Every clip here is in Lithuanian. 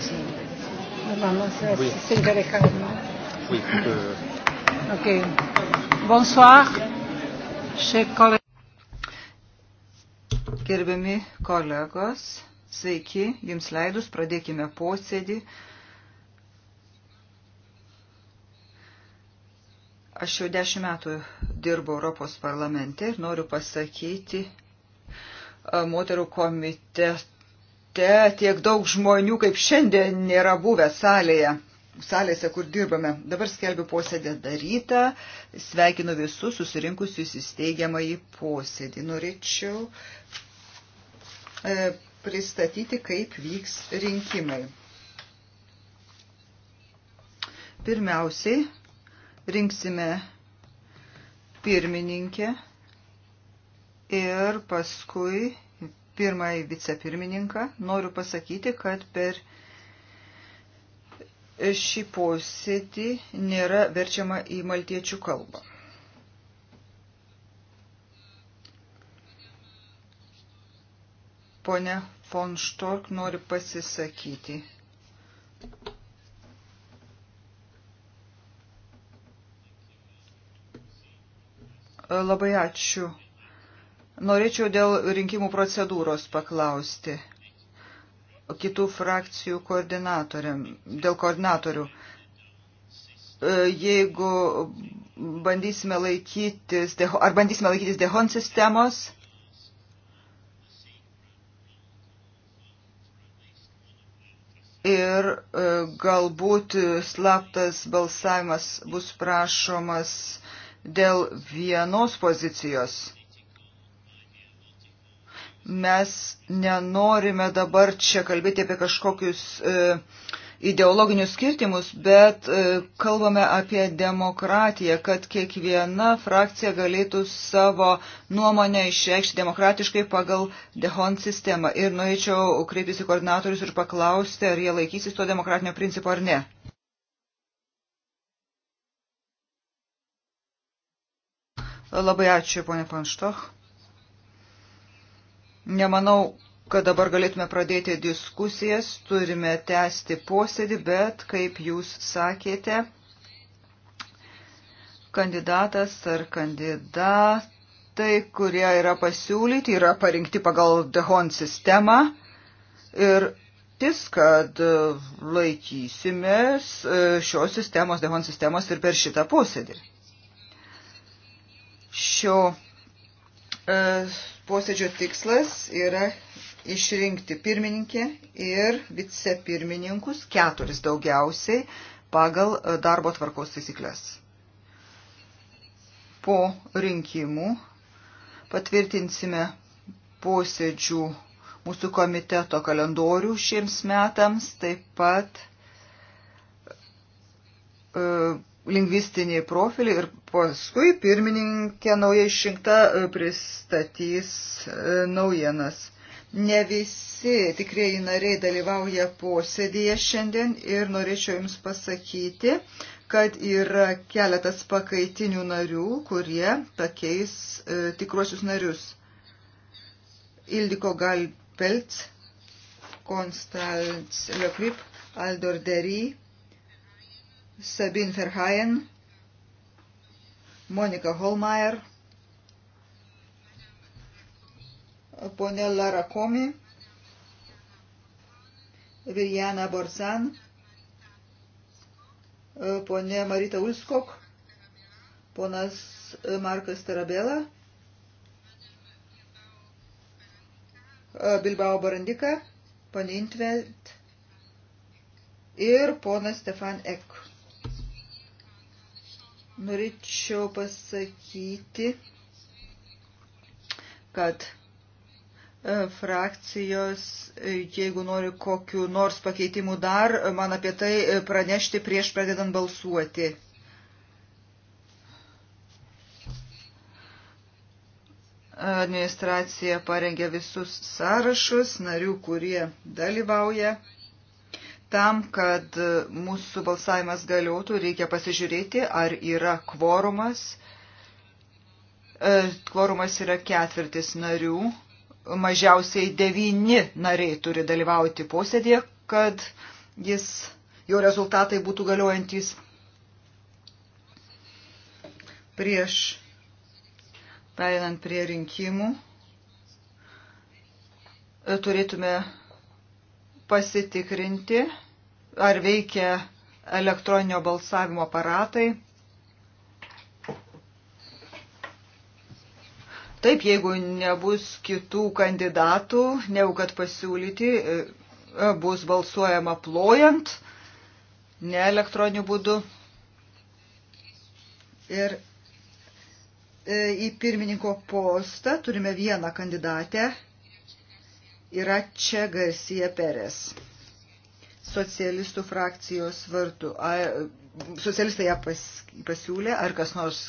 aussi. Normalement, c'est oui. 5h15, non Oui. Euh... Ok. Bonsoir, chers collègues. Gerbiami kolegos, sveiki, jums leidus pradėkime posėdį. Aš jau dešimt metų dirbu Europos parlamente ir noriu pasakyti e, moterų komitet komitete tiek daug žmonių, kaip šiandien nėra buvę salėje, salėse, kur dirbame. Dabar skelbiu posėdį darytą, sveikinu visus susirinkusius įsteigiamą į posėdį. Norėčiau e, pristatyti, kaip vyks rinkimai. Pirmiausiai rinksime pirmininkę ir paskui pirmąjį vicepirmininką, noriu pasakyti, kad per šį posėdį nėra verčiama į maltiečių kalbą. Pone von Štork nori pasisakyti. Labai ačiū Norėčiau dėl rinkimų procedūros paklausti kitų frakcijų koordinatoriam, dėl koordinatorių. E, jeigu bandysime laikytis, ar bandysime laikytis dehon sistemos, ir e, galbūt slaptas balsavimas bus prašomas dėl vienos pozicijos Mes nenorime dabar čia kalbėti apie kažkokius e, ideologinius skirtimus, bet e, kalbame apie demokratiją, kad kiekviena frakcija galėtų savo nuomonę išreikšti demokratiškai pagal dehon sistemą. Ir norėčiau kreiptis į koordinatorius ir paklausti, ar jie laikysis to demokratinio principo ar ne. Labai ačiū, ponė Panštoch. Nemanau, kad dabar galėtume pradėti diskusijas, turime tęsti posėdį, bet, kaip jūs sakėte, kandidatas ar kandidatai, kurie yra pasiūlyti, yra parinkti pagal Dehon sistemą ir tikėtis, kad laikysimės e, šios sistemos, Dehon sistemos ir per šitą posėdį. Šio E, posėdžio tikslas yra išrinkti pirmininkę ir vicepirmininkus, keturis daugiausiai, pagal e, darbo tvarkos taisyklės. Po rinkimų patvirtinsime posėdžių mūsų komiteto kalendorių šiems metams, taip pat e, lingvistinį profilį ir paskui pirmininkė nauja išrinkta e, pristatys e, naujienas. Ne visi tikrieji nariai dalyvauja posėdėje šiandien ir norėčiau Jums pasakyti, kad yra keletas pakaitinių narių, kurie pakeis e, tikruosius narius. Ildiko Galpelts, Konstantz Lekrip, Aldor Dery, Sabin Ferhajen, Monika Holmeier, ponė Lara Komi, Viljana Borzan, ponė Marita Ulskok, ponas Markas Tarabela, Bilbao Barandika, ponė Intvelt ir ponas Stefan Ek. Norėčiau pasakyti, kad e, frakcijos, e, jeigu nori kokiu nors pakeitimu dar, e, man apie tai pranešti prieš pradedant balsuoti. Administracija parengė visus sąrašus narių, kurie dalyvauja Tam, kad mūsų balsavimas galiotų, reikia pasižiūrėti, ar yra kvorumas. E, kvorumas yra ketvirtis narių. Mažiausiai devyni nariai turi dalyvauti posėdėje, kad jis, jo rezultatai būtų galiojantis prieš pereinant prie rinkimų e, turėtume pasitikrinti, ar veikia elektroninio balsavimo aparatai. Taip, jeigu nebus kitų kandidatų, negu kad pasiūlyti, e, bus balsuojama plojant, ne elektroniniu būdu. Ir e, į pirmininko postą turime vieną kandidatę, yra čia Garcia Perez, socialistų frakcijos vardu. A, socialistai ją pas, pasiūlė, ar kas nors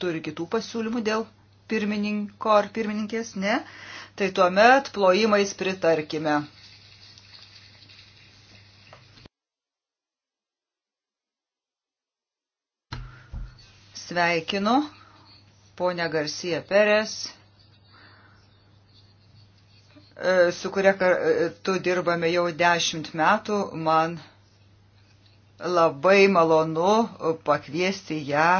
turi kitų pasiūlymų dėl pirmininko ar pirmininkės, ne, tai tuomet plojimais pritarkime. Sveikinu, ponia Garcia Perez su kuria tu dirbame jau dešimt metų, man labai malonu pakviesti ją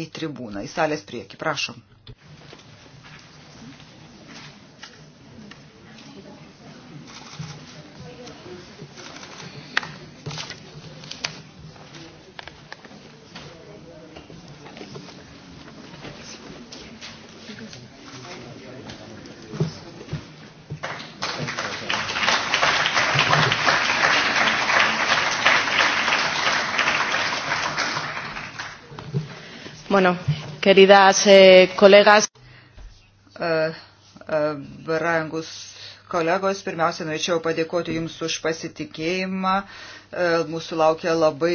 į tribūną, į salės priekį. Prašom. Bueno, queridas eh, kolegas. Uh, e, uh, e, brangus kolegos, pirmiausia, norėčiau padėkoti Jums už pasitikėjimą. E, mūsų laukia labai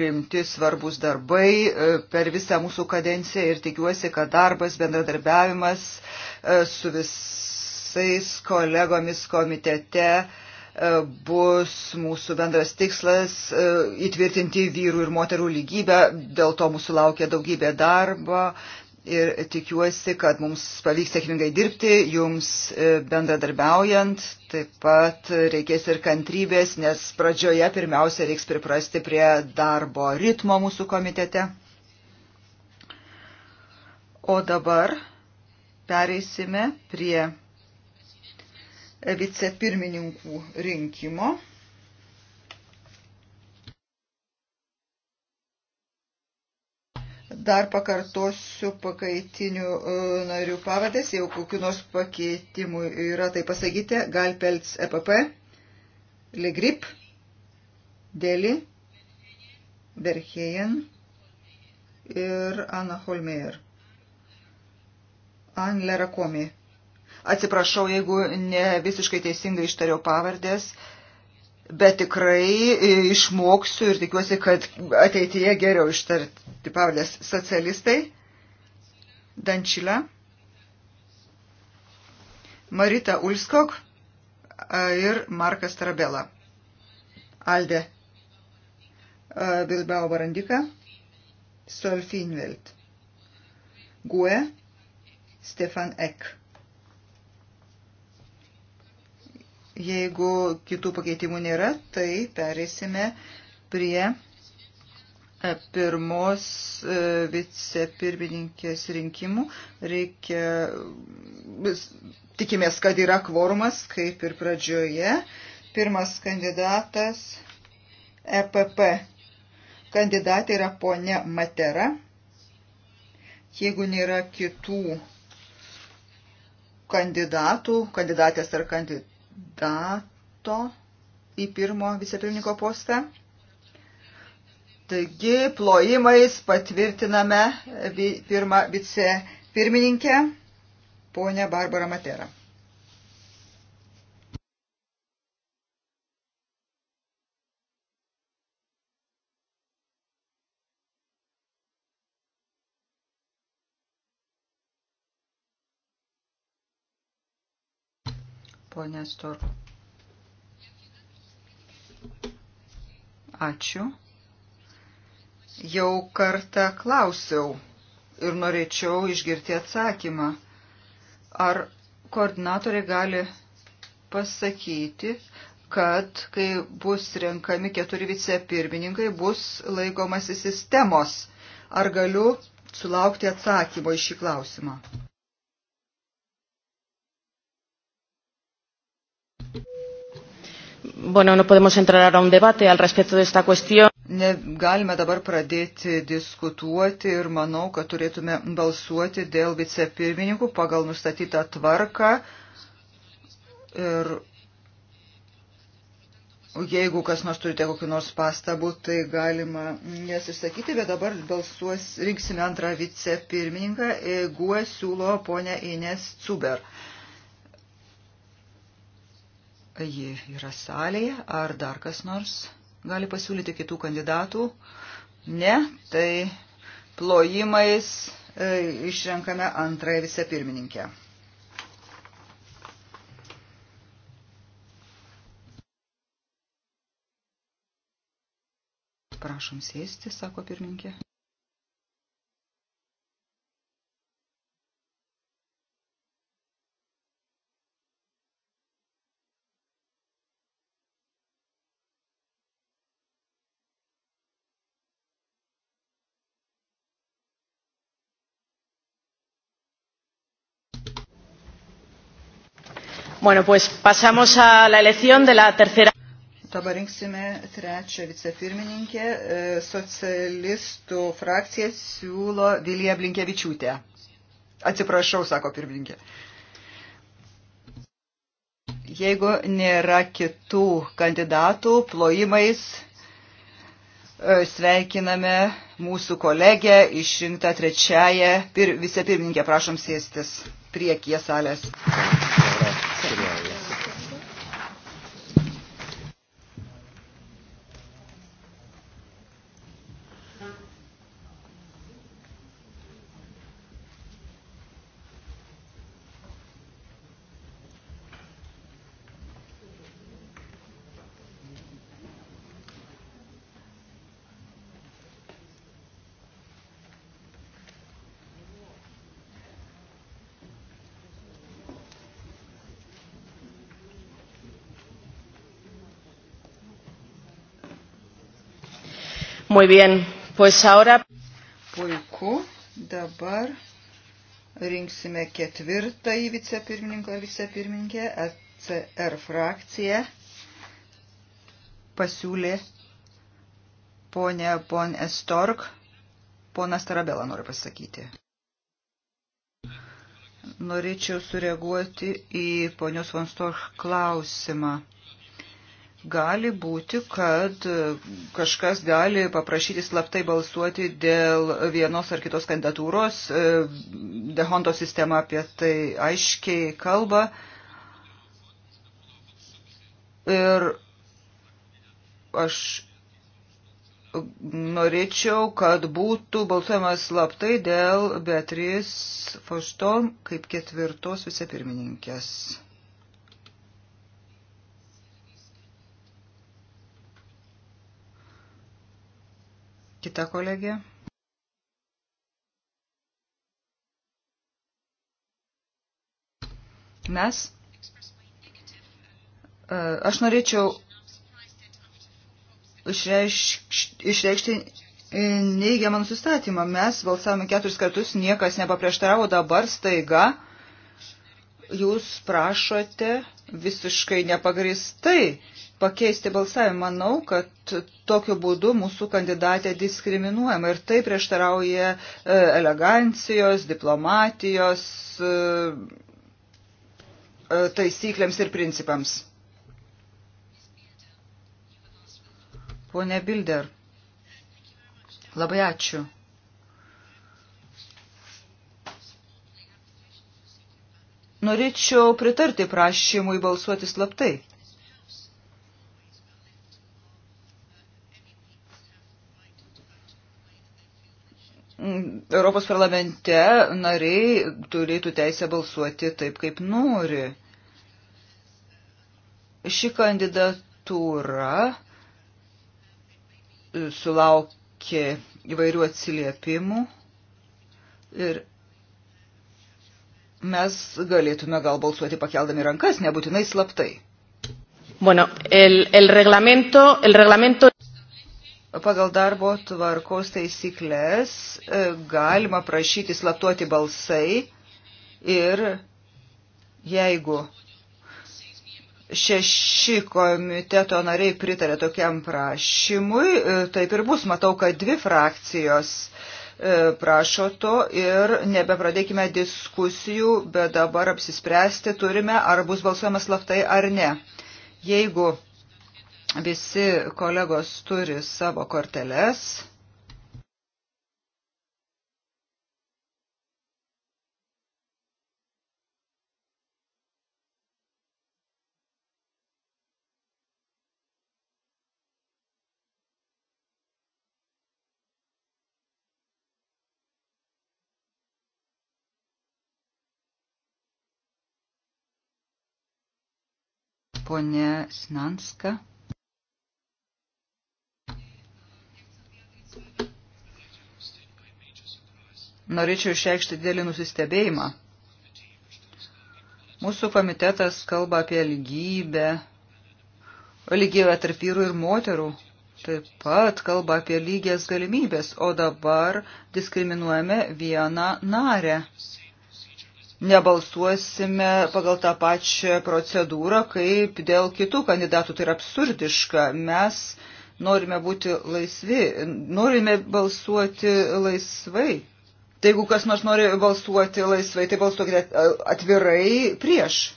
rimti, svarbus darbai per visą mūsų kadenciją ir tikiuosi, kad darbas, bendradarbiavimas su visais kolegomis komitete E, bus mūsų bendras tikslas e, įtvirtinti vyrų ir moterų lygybę, dėl to mūsų laukia daugybė darbo ir tikiuosi, kad mums pavyks sėkmingai dirbti, jums e, bendradarbiaujant, taip pat reikės ir kantrybės, nes pradžioje pirmiausia reiks priprasti prie darbo ritmo mūsų komitete. O dabar pereisime prie vicepirmininkų rinkimo. Dar pakartosiu pakaitinių e, narių pavadės, jau kokiu nors pakeitimu yra, tai pasakyti, Galpelts EPP, Legrip, Deli, Verheyen ir Anna Holmeyer. Anglera Komi. Atsiprašau, jeigu ne visiškai teisingai ištariau pavardės, bet tikrai e, išmoksiu ir tikiuosi, kad ateityje geriau ištarti pavardės socialistai. Dančila. Marita Ulskok ir Markas Tarabela. Alde. Bilbao Barandika. Solfinveld. Gue. Stefan Eck. Jeigu kitų pakeitimų nėra, tai pereisime prie e, pirmos e, vicepirmininkės rinkimų. Reikia, e, tikimės, kad yra kvorumas, kaip ir pradžioje. Pirmas kandidatas EPP. Kandidatė yra ponia Matera. Jeigu nėra kitų kandidatų, kandidatės ar kandidatų, kandidato į pirmo vicepirmininko postą. Taigi, plojimais patvirtiname pirmą vicepirmininkę, ponę Barbarą Materą. ponė Stor. Ačiū. Jau kartą klausiau ir norėčiau išgirti atsakymą. Ar koordinatoriai gali pasakyti, kad kai bus renkami keturi vicepirmininkai, bus laikomasi sistemos? Ar galiu sulaukti atsakymo į šį klausimą? bueno, no podemos entrar ahora a un debate al respecto de esta cuestión. Ne, galime dabar pradėti diskutuoti ir manau, kad turėtume balsuoti dėl vicepirmininkų pagal nustatytą tvarką. Ir jeigu kas nors turite kokiu nors pastabu, tai galima jas išsakyti, bet dabar balsuos, rinksime antrą vicepirmininką. E, Gue siūlo ponę Ines Cuber. Uh, Ji yra salėje. Ar dar kas nors gali pasiūlyti kitų kandidatų? Ne, tai plojimais e, išrenkame antrąją vicepirmininkę. Prašom sėsti, sako pirmininkė. Bueno, pues pasamos a la elección de la tercera. Dabar rinksime trečią vicepirmininkę. E, socialistų frakcija siūlo Vilija Blinkevičiūtė. Atsiprašau, sako pirmininkė. Jeigu nėra kitų kandidatų, plojimais e, sveikiname mūsų kolegę išrinktą trečiąją vicepirmininkę. Prašom sėstis priekyje salės. Muy bien, pues ahora. Puiku, dabar rinksime ketvirtąjį vicepirmininką ar vicepirmininkę. ECR frakcija pasiūlė ponę Pon Estork. Ponas Tarabela nori pasakyti. Norėčiau sureaguoti į ponios Vonstork klausimą gali būti, kad kažkas gali paprašyti slaptai balsuoti dėl vienos ar kitos kandidatūros. Dehonto sistema apie tai aiškiai kalba. Ir aš norėčiau, kad būtų balsuojama slaptai dėl Beatrice Foštom kaip ketvirtos vicepirmininkės. Kita kolegė. Mes. E, aš norėčiau išreikš, išreikšti neigiamą nusistatymą. Mes balsavome keturis kartus, niekas nepaprieštaravo, dabar staiga jūs prašote visiškai nepagristai pakeisti balsavimą. Manau, kad tokiu būdu mūsų kandidatė diskriminuojama ir tai prieštarauja e, elegancijos, diplomatijos e, e, taisyklėms ir principams. Pone Bilder, labai ačiū. Norėčiau pritarti prašymui balsuoti slaptai. Europos parlamente nariai turėtų teisę balsuoti taip, kaip nori. Ši kandidatūra sulaukė įvairių atsiliepimų ir mes galėtume gal balsuoti pakeldami rankas, nebūtinai slaptai. Bueno, el, el reglamento, el reglamento... Pagal darbo tvarkos taisyklės e, galima prašyti slaptuoti balsai ir jeigu šeši komiteto nariai pritarė tokiam prašymui, e, taip ir bus. Matau, kad dvi frakcijos E, prašo to ir nebepradėkime diskusijų, bet dabar apsispręsti turime, ar bus balsuojama slaptai ar ne. Jeigu visi kolegos turi savo korteles, ponė Sinanska. Norėčiau išreikšti dėlį nusistebėjimą. Mūsų komitetas kalba apie lygybę, lygybę tarp vyrų ir moterų, taip pat kalba apie lygias galimybės, o dabar diskriminuojame vieną narę nebalsuosime pagal tą pačią procedūrą kaip dėl kitų kandidatų. Tai yra absurdiška. Mes norime būti laisvi, norime balsuoti laisvai. Tai jeigu kas nors nori balsuoti laisvai, tai balsuokite e, atvirai prieš.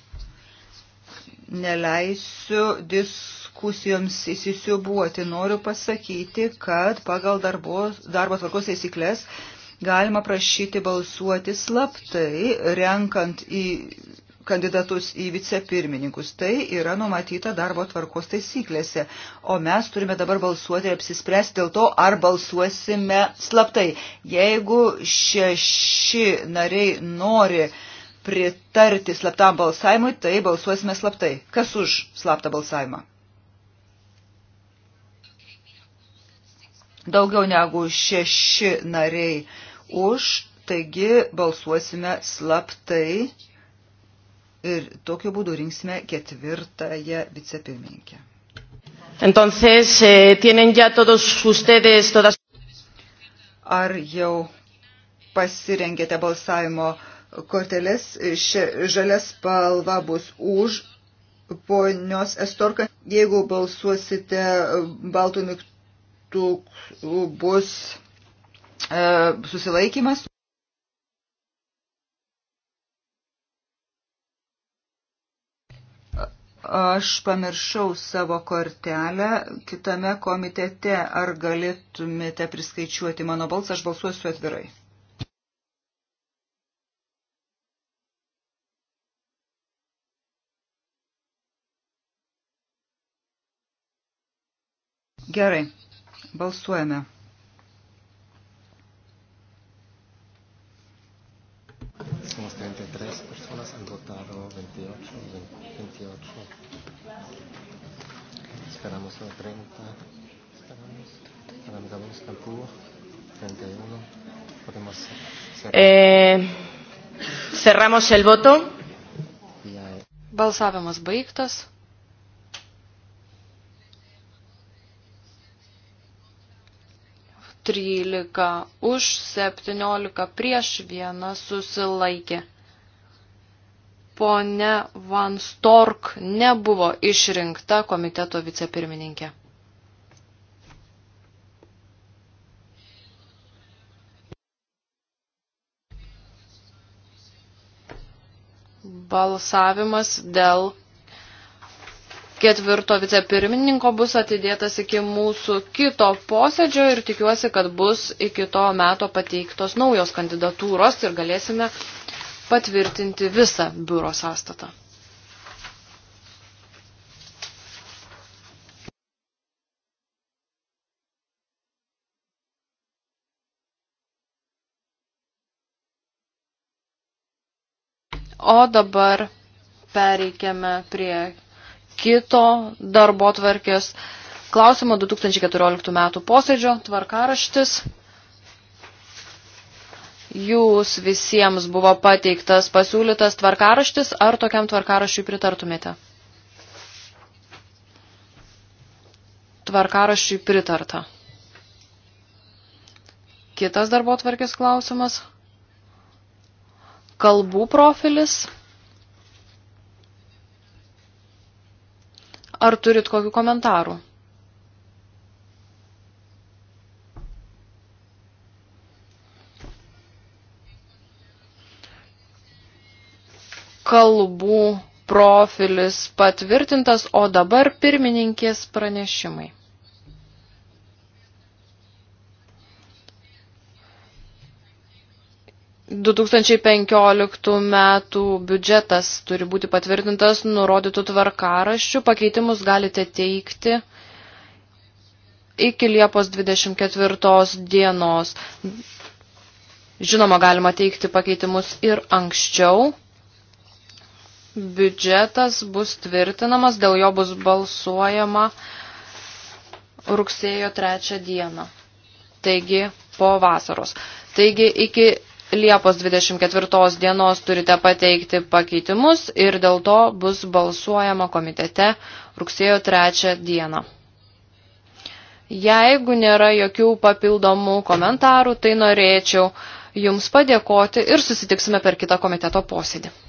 Neleisiu diskusijoms įsisiubuoti. Noriu pasakyti, kad pagal darbo, darbo tvarkos teisiklės galima prašyti balsuoti slaptai, renkant į kandidatus į vicepirmininkus. Tai yra numatyta darbo tvarkos taisyklėse. O mes turime dabar balsuoti ir apsispręsti dėl to, ar balsuosime slaptai. Jeigu šeši nariai nori pritarti slaptam balsavimui, tai balsuosime slaptai. Kas už slaptą balsavimą? Daugiau negu šeši nariai už, taigi balsuosime slaptai ir tokiu būdu rinksime ketvirtąją vicepirmininkę. Entonces, eh, tienen ya todos ustedes todas. Ar jau pasirengėte balsavimo korteles? Šia žalia spalva bus už ponios Estorka. Jeigu balsuosite baltų mygtukų, bus E, susilaikimas. Aš pamiršau savo kortelę kitame komitete. Ar galėtumėte priskaičiuoti mano balsą? Aš balsuosiu atvirai. Gerai, balsuojame. 130, Ramdamón Campúa, 31. Podemos cerrar. Eh, cerramos el voto. Balsavimas baigtas. Trylika už, septyniolika prieš, vienas susilaikė ponia Van Stork nebuvo išrinkta komiteto vicepirmininkė. Balsavimas dėl ketvirto vicepirmininko bus atidėtas iki mūsų kito posėdžio ir tikiuosi, kad bus iki to meto pateiktos naujos kandidatūros ir galėsime patvirtinti visą biuro sąstatą. O dabar pereikiame prie kito darbo tvarkės klausimo 2014 metų posėdžio tvarkaraštis jūs visiems buvo pateiktas pasiūlytas tvarkaraštis, ar tokiam tvarkaraščiui pritartumėte? Tvarkaraščiui pritarta. Kitas darbo tvarkės klausimas. Kalbų profilis. Ar turit kokių komentarų? kalbų profilis patvirtintas, o dabar pirmininkės pranešimai. ...2015 metų biudžetas turi būti patvirtintas nurodytų tvarkaraščių. Pakeitimus galite teikti iki Liepos 24 dienos. Žinoma, galima teikti pakeitimus ir anksčiau biudžetas bus tvirtinamas, dėl jo bus balsuojama rugsėjo trečią dieną. Taigi po vasaros. Taigi iki Liepos 24 dienos turite pateikti pakeitimus ir dėl to bus balsuojama komitete rugsėjo 3 dieną. Jeigu nėra jokių papildomų komentarų, tai norėčiau Jums padėkoti ir susitiksime per kitą komiteto posėdį.